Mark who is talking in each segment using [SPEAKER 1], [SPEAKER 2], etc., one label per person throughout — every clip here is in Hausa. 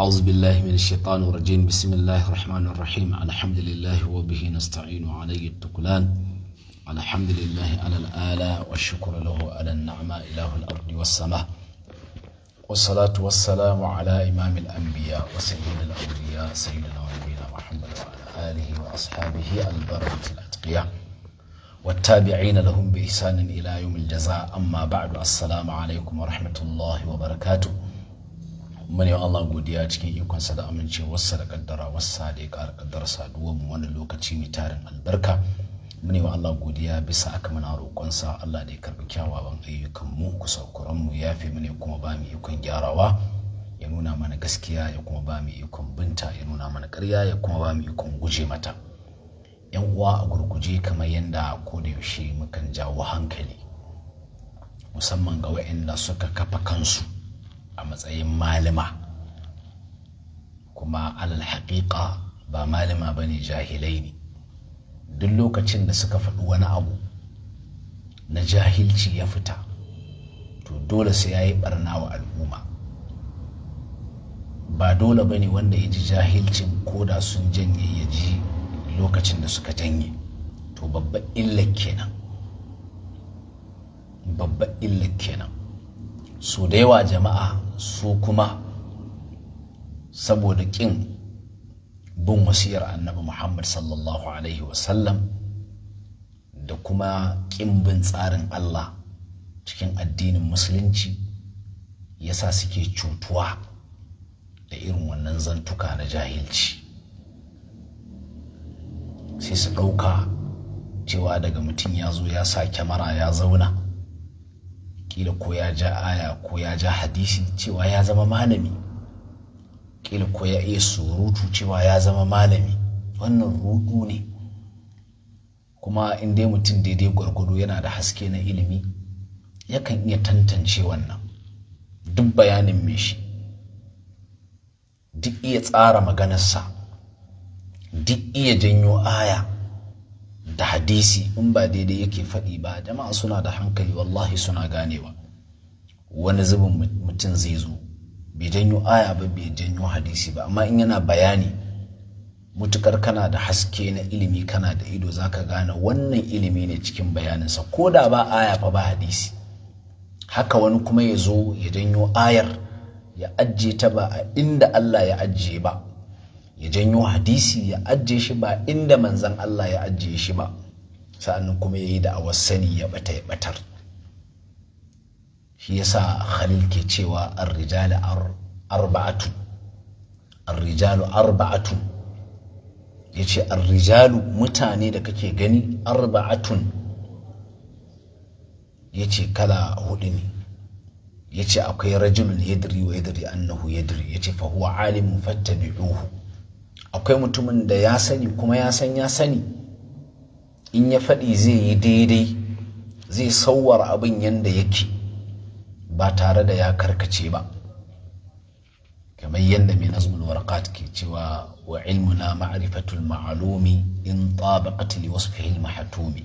[SPEAKER 1] أعوذ بالله من الشيطان الرجيم بسم الله الرحمن الرحيم الحمد لله وبه نستعين وعليه التكلان الحمد لله على الآلاء والشكر له على النعمة إله الأرض والسماء والصلاة والسلام على إمام الأنبياء وسيد الأولياء سيدنا ونبينا محمد وعلى آله وأصحابه البرة الأتقياء والتابعين لهم بإحسان إلى يوم الجزاء أما بعد السلام عليكم ورحمة الله وبركاته mune Allah godiya cikin ikonsa da amincewarsa da kaddarawarsa da ya ƙara kaddara saduwar mu wani lokaci mai tarin albarka mune wa Allah godiya bisa aka mana roƙonsa Allah da ya karɓi kyawawan ayyukan mu saukuran mu ya fi mune kuma ba mu ikon gyarawa ya nuna mana gaskiya ya kuma ba mu ikon binta ya nuna mana ƙarya ya kuma ba mu ikon guje mata yan uwa a gurguje kamar yadda ko da yaushe mukan jawo hankali musamman ga waɗanda suka kafa kansu a matsayin malama kuma alal haƙiƙa ba malama ba ne jahilai ne duk lokacin da suka faɗi wani abu na jahilci ya fita to dole sai ya yi ɓarna wa al'umma ba dole ba ne wanda ya ji jahilcin da sun janye ya ji lokacin da suka janye to babban illar kenan babban illar kenan so da yawa jama'a su kuma saboda ƙin bin wasiyar annabi Muhammad sallallahu Alaihi wasallam da kuma ƙin bin tsarin Allah cikin addinin musulunci ya sa suke cutuwa da irin wannan zantuka na jahilci sai su ɗauka cewa daga mutum ya zo ya sa kyamara ya zauna kila ko ya ja aya ko ya ja hadisi cewa ya zama malami kila ko ya iya surutu cewa ya zama malami wannan rudu ne kuma in dai mutum daidai gwargwado yana da haske na ilimi yakan iya tantance wannan duk bayanin mai shi duk iya tsara maganarsa duk iya janyo aya da hadisi in ba daidai yake faɗi ba jama'a suna da hankali wallahi suna ganewa wani zubin mutum zai zo bai janyo aya ba bai janyo hadisi ba amma in yana bayani mutukar kana da haske na ilimi kana da ido zaka gane wannan ilimi ne cikin bayaninsa ko da ba aya fa ba hadisi haka wani kuma ya zo ya janyo ayar ya ajiye ta ba a inda Allah ya ajiye ba ya janyo hadisi ya ajiye shi ba inda manzan Allah ya ajiye shi ba sa'annan kuma ya yi da da'awar sani ya bata ya batar shi ya sa khalil ke cewa arrijalu rijalu arba'atu ar-rijalu arba'atu Ya ce rijalu mutane da kake gani arba'atun ce kala hudu ne Ya ce akwai rajulun yadri wa yadri annahu yadri ce fa huwa alimun fattabi'uhu akwai mutumin da ya sani kuma ya san ya sani in ya faɗi zai yi daidai zai sauwar abin yadda yake ba tare da ya karkace ba kamar yadda mai nazmul warqat ke cewa wa ilmuna ma'rifatul ma'alumi in tabaqat li wasfihi mahatumi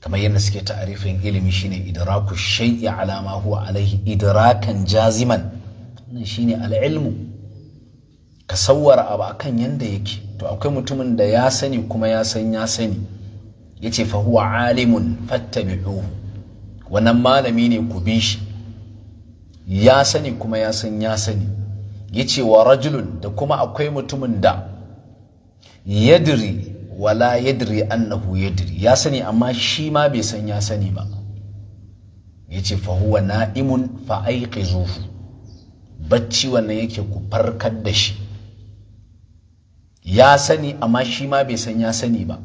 [SPEAKER 1] kamar yadda suke ta'arifin ilimi shine idraku shay'i ala ma huwa alaihi idrakan jaziman wannan shine al-ilmu ka sawwara abu akan yanda yake to akwai mutumin da ya sani kuma ya san ya sani ya ce fa huwa alimun fattabi'uhu wannan malami ne ku bi shi ya sani kuma ya san ya sani ya ce wa rajulun da kuma akwai mutumin da yadiri wala yadiri annahu yadiri ya sani amma shi ma bai san ya sani ba ya ce fa huwa na'imun fa zuhu!" bacci wannan yake ku farkar da shi ya sani amma shi ma bai san ya sani ba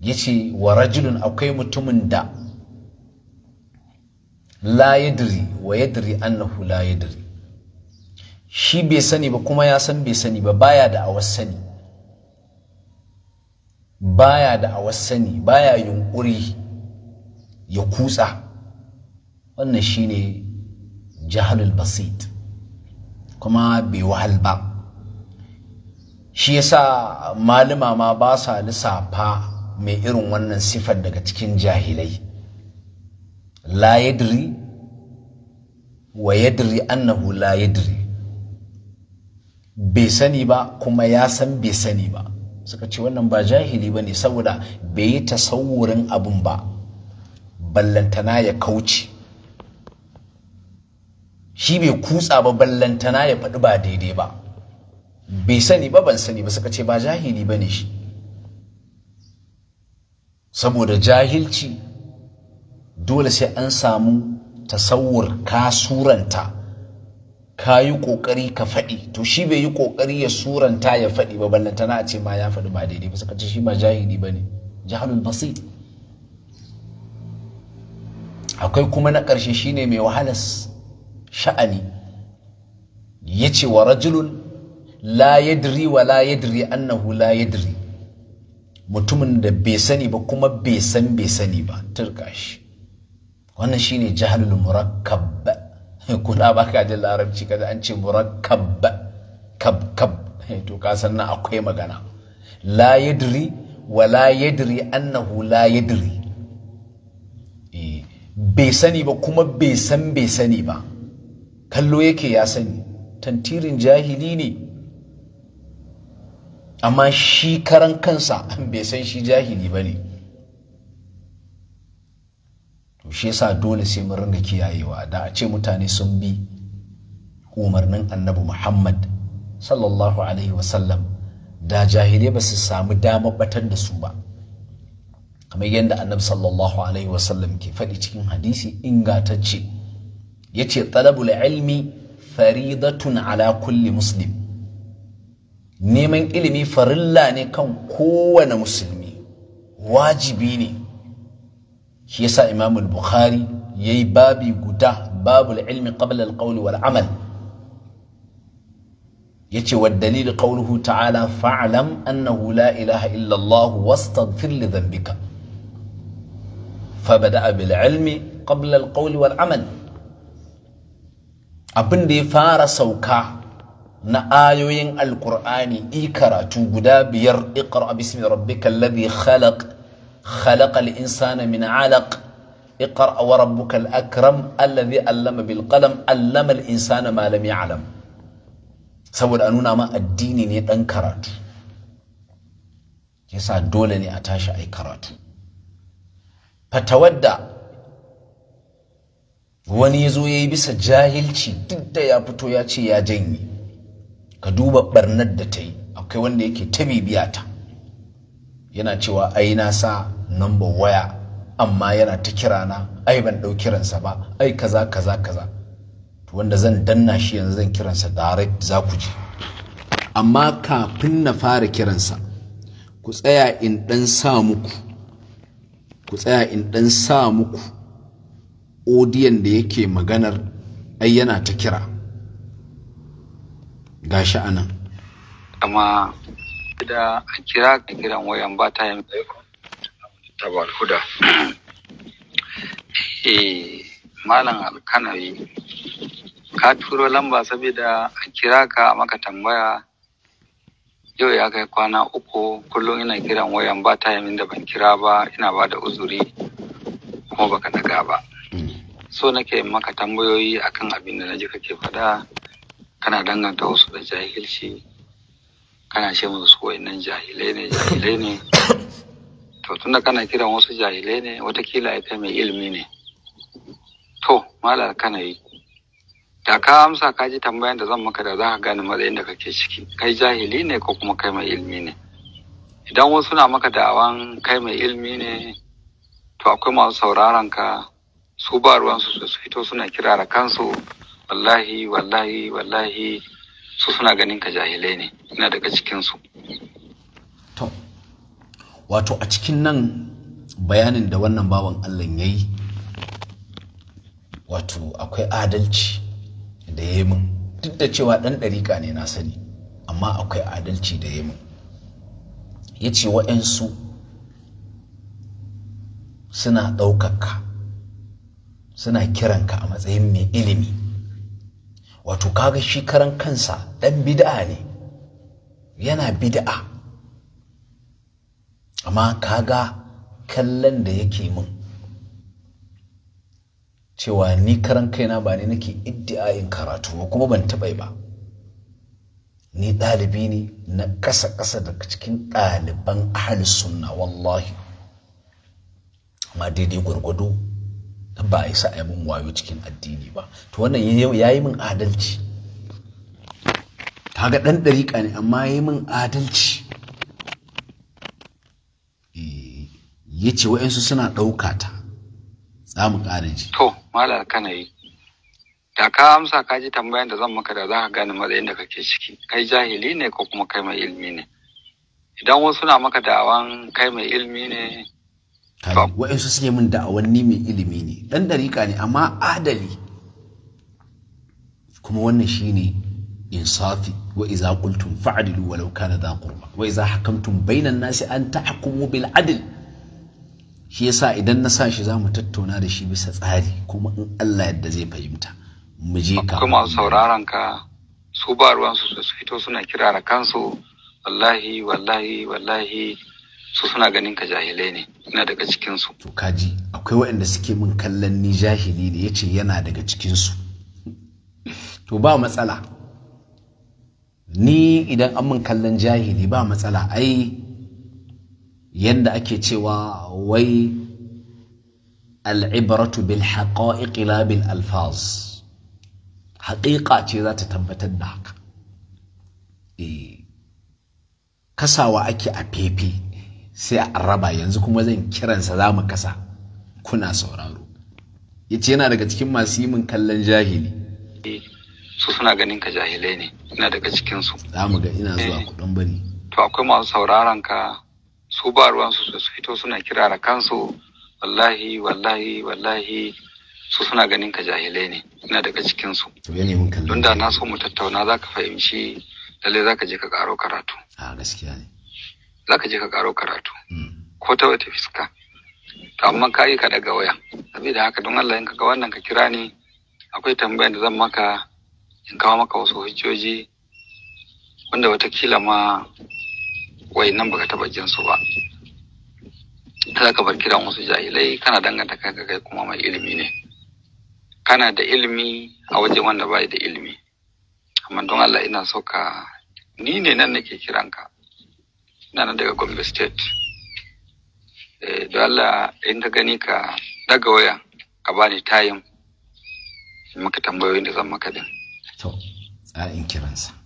[SPEAKER 1] yace wa rajulun akwai mutumin da la yadri wa yadri annahu la shi bai sani ba kuma ya san bai sani ba baya da awas sani baya da awas sani baya yunkuri ya kutsa wannan shine jahalul basit kuma bai wahal ba shi yasa malama ma ba sa lissafa mai irin wannan sifar daga cikin jahilai la wa yadri annahu la bai sani ba kuma ya san bai sani ba suka ce wannan ba jahili ba ne saboda bai yi tasawurin abin ba ballantana ya kauce shi bai kutsa ba ballantana ya faɗi ba daidai ba bai sani ba ban sani ba suka ce ba jahili ba ne shi saboda jahilci dole sai an samu tasawur ka suranta ka yi ƙoƙari ka faɗi to shi bai yi ƙoƙari ya suranta ya faɗi ba ballantana a ce ma ya faɗi ba daidai ba suka ce shi ba jahili ba ne jahalul basit akwai kuma na ƙarshe shine mai wahalas sha'ani ya ce wa rajulun la yadri wa la yadri annahu la yadri mutumin da bai sani ba kuma bai san bai sani ba turka shi wannan shine jahalul murakkab kula ba ka ji larabci kada an ce murakkab kab kab to ka san na akwai magana la yadri wa la yadri annahu la yadri eh, bai sani ba kuma bai san bai sani ba kallo yake ya sani tantirin jahili ne amma shi karan kansa bai san shi jahili ba ne to shi yasa dole sai mun ringa kiyayewa da a ce mutane sun bi umarnin annabi muhammad sallallahu alaihi wasallam da jahilai ba su samu damar batar da su ba kamar yadda annabi sallallahu alaihi wasallam ke faɗi cikin hadisi ingatacce ya ce talabul ilmi faridatun ala kulli muslim neman ilimi farilla ne kan kowane musulmi wajibi ne shi yasa imamul Bukhari ya yayi babi guda babu ilmi qabla al wal amal yace wa dalil qawluhu ta'ala fa'lam annahu la ilaha illa Allah wastaghfir li dhanbika fabada'a bil ilmi qabla al wal amal abin da ya fara sauka na ayoyin alkur'ani i karatu guda biyar iqra bismi rabbikal ladhi khalaq khalaqal insana min 'alaq iqra wa rabbukal akram alladhi allama bil qalam allama al insana ma lam ya'lam saboda a nuna ma addini ne dan karatu yasa dole ne a tashi ai karatu fatawadda wani ya zo ya yi bisa jahilci duk da ya fito ya ce ya janye ka duba barnar da ta yi akwai wanda yake ta bibiya ta yana cewa ai na sa namba waya amma yana ta kira na, ai ban ɗau kiransa ba ai kaza kaza kaza to wanda zan danna shi yanzu zan kiransa direct za ku je? amma kafin na fara kiransa ku tsaya in ɗan sa muku ku tsaya in ɗan sa muku odiyan da yake maganar ai yana ta kira gashi nan.
[SPEAKER 2] amma da a kira ka kiran wayan ba ta yin tabal huda eh, malam ka turo lamba saboda a kira ka maka tambaya yau ya kai kwana uku kullum ina kiran wayan ba ta yamin da ban kira ba ina ba da uzuri kuma baka daga ba mm. so nake maka tambayoyi akan abin da naji kake faɗa kana danganta wasu da jahilci kana ce musu su nan jahilai ne jahilai ne to tunda kana kiran wasu jahilai ne watakila ya mai ilimi ne to mala kana yi da ka amsa ka ji tambayan da zan maka da za ka gane matsayin da kake ciki kai jahili ne ko kuma kai mai ilimi ne idan wasu na maka da'awan kai mai ilimi ne to akwai masu sauraron ka su ba ruwansu su fito suna kirara kansu wallahi wallahi wallahi su suna ganin ka jahilai ne ina daga cikinsu
[SPEAKER 1] to wato a cikin nan bayanin da wannan bawan allah ya yi wato akwai adalci da ya duk da cewa ɗan ɗariƙa ne na sani amma akwai adalci da ya min ya ce wa'yansu suna ɗaukaka suna kiranka a matsayin mai ilimi wato kaga shi karan kansa ɗan bid'a ne yana bid'a amma kaga kallon da yake min cewa ni karan kaina ba ne nake iddi'ayin karatu ba kuma ban taɓa ba ni ɗalibi ne na ƙasa-ƙasa daga cikin ɗaliban ahal sunna wallahi amma daidai gwargwado ba a isa a min wayo cikin addini ba to wannan ya yi min adalci ga ɗan ɗariƙa ne amma ya yi min adalci eh, ya ce wa'yansu suna ɗauka ta za mu ƙara ji
[SPEAKER 2] to kana yi da ka amsa ka ji tambayan da zan maka da za ka gane matsayin da kake ciki kai jahili ne ko kuma kai mai ilmi ne idan wasu na maka da'awan kai mai ilmi ne
[SPEAKER 1] wa'insu mun min da'awanni mai ilimi ne ɗan dariƙa ne amma adali kuma wannan in insafi wa iza qultum fa'dilu walau kana dha qurba wa iza hakamtum bainan nasi an tahkumu bil adl shi yasa idan na sa shi zamu tattauna da shi bisa tsari kuma in Allah yadda zai fahimta
[SPEAKER 2] mu je ka kuma sauraron ka su ba ruwan su su fito suna kira kansu wallahi wallahi wallahi su suna ganin ka jahilai ne ina daga cikinsu to kaji
[SPEAKER 1] akwai waɗanda suke min kallon ni jahili da ya ce yana daga cikinsu to ba matsala ni idan an min kallon jahili ba matsala ai yadda ake cewa wai al'ibaratu bil haƙa'iƙi la bil alfaz haƙiƙa ce za ta tabbatar da haka eh, kasawa ake a fefe sai a raba yanzu kuma zan kiransa za mu kasa kuna sauraro ya ce yana daga cikin masu yi min kallon jahili
[SPEAKER 2] eh, su suna ganin ka jahilai ne ina daga cikinsu
[SPEAKER 1] za mu ga ina zuwa eh. kudin bari to akwai masu sauraron ka su ba ruwansu su fito suna kira da kansu wallahi wallahi
[SPEAKER 2] wallahi su suna ganin ka jahilai ne ina daga cikinsu don da na so mu tattauna za ka fahimci lalle za ka je ka karo karatu a gaskiya ne za ka je ka karo karatu hmm. ko ta wata fiska to amma ka yi ka daga waya saboda haka don Allah in ka ga wannan ka kira ni akwai tambayar da zan maka in kawo maka wasu hujjoji wanda watakila ma wai nan baka taba jin su ba za ka bar kiran wasu jahilai kana danganta kanka kai kuma mai ilimi ne kana da ilimi a waje wanda bai da ilimi amma don Allah ina so ka ni ne nan nake kiranka ina nan daga gombe state eh, Da allah in ka gani ka daga waya ka bani tayin maka tambayoyin da zan maka din to tsarin kiransa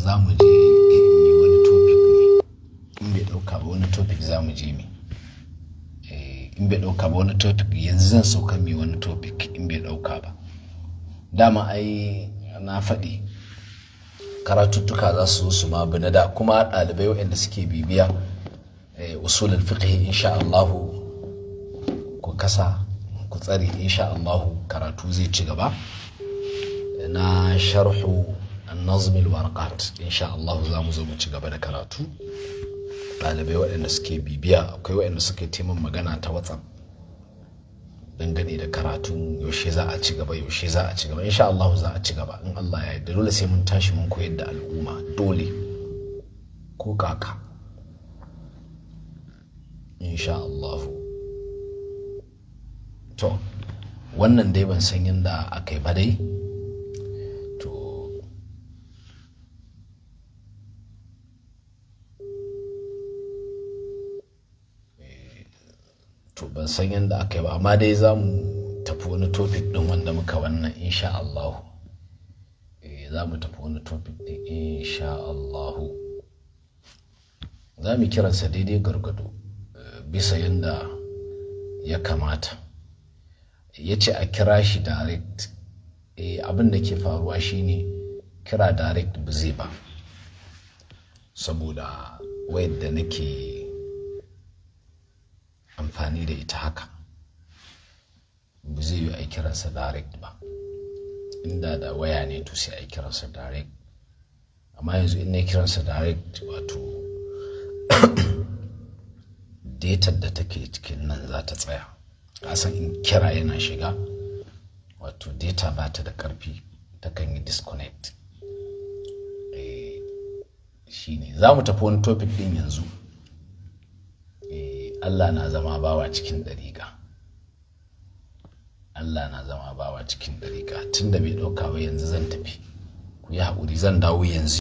[SPEAKER 1] za mu je wani topic ne in bai ɗauka ba wani topic za mu je mi eh, in bai ɗauka ba wani topic yanzu zan sauka mai wani topic in bai ɗauka ba dama ai na faɗi karatuttuka za su su ma bi da kuma ɗalibai waɗanda suke bibiya eh, usulul fiqh insha Allah ku kasa ku tsare insha Allah karatu zai ci gaba na sharhu annazmil warqat insha Allah za mu zo mu ci gaba da karatu dalibai waɗanda suke bibiya akwai waɗanda suke taimakon magana ta whatsapp dangane da karatu yaushe za a ci gaba yaushe za a ci gaba insha Allah za a ci gaba in Allah ya yarda dole sai mun tashi mun koyar da al'umma dole ko kaka insha Allah to wannan dai ban san yadda akai ba dai to ban san yadda aka yi ba amma dai za mu tafi wani topic din wanda muka wannan insha Allah eh, za mu tafi wani topic din insha Allah za mu kiransa daidai gargado eh, bisa yadda ya kamata ya ce a kira shi direct eh, abin da ke faruwa shine kira direct ba zai ba saboda wayar da nake amfani da ita haka ba zai yi a kiransa direct ba inda da waya ne to sai a kiransa direct amma yanzu in na kiransa direct wato datar da take cikin nan za ta tsaya kasan in kira yana shiga wato data ba ta da karfi takan yi disconnect eh, shi ne za mu tafi wani topic din yanzu Allah na zama bawa cikin ɗariƙa Allah na zama bawa cikin ɗariƙa tunda bai ɗauka ba yanzu zan tafi ku yi haƙuri zan dawo yanzu